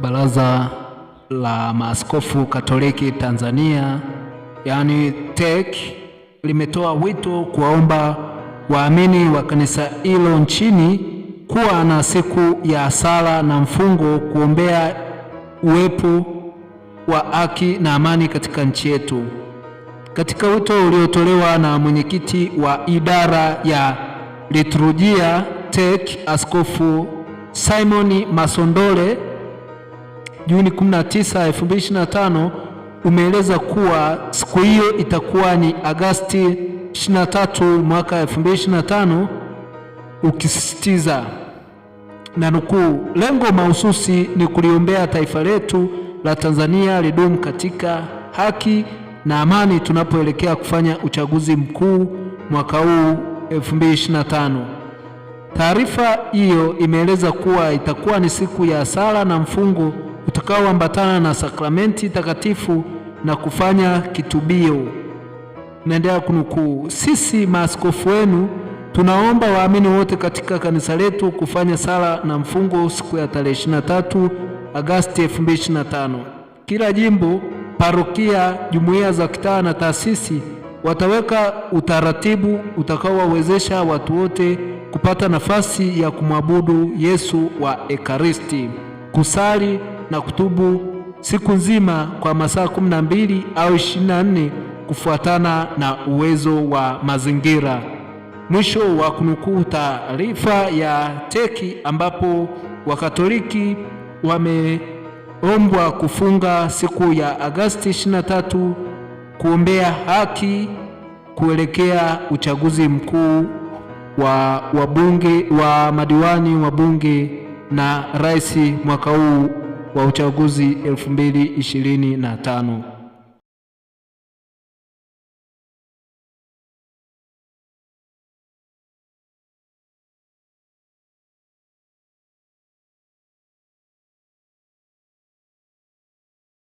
Baraza la Maaskofu Katoliki Tanzania, yani TEC, limetoa wito kuwaomba waamini wa kanisa hilo nchini kuwa na siku ya sala na mfungo kuombea uwepo wa haki na amani katika nchi yetu. Katika wito uliotolewa na mwenyekiti wa idara ya liturujia TEC, Askofu simon Masondole Juni 19, 2025 umeeleza kuwa siku hiyo itakuwa ni Agasti 23 mwaka 2025, ukisisitiza na nukuu, lengo mahususi ni kuliombea taifa letu la Tanzania lidumu katika haki na amani tunapoelekea kufanya uchaguzi mkuu mwaka huu 2025. Taarifa hiyo imeeleza kuwa itakuwa ni siku ya sala na mfungo tutakaoambatana na sakramenti takatifu na kufanya kitubio. Naendelea kunukuu, sisi maaskofu wenu tunaomba waamini wote katika kanisa letu kufanya sala na mfungo siku ya tarehe 23 Agosti 2025. Kila jimbo, parokia, jumuiya za kitaa na taasisi wataweka utaratibu utakaowawezesha watu wote kupata nafasi ya kumwabudu Yesu wa Ekaristi, kusali na kutubu siku nzima kwa masaa kumi na mbili au ishirini na nne kufuatana na uwezo wa mazingira. Mwisho wa kunukuu taarifa ya teki, ambapo Wakatoliki wameombwa kufunga siku ya Agasti 23 kuombea haki kuelekea uchaguzi mkuu wa wabunge wa madiwani wa bunge na rais mwaka huu wa uchaguzi 2025.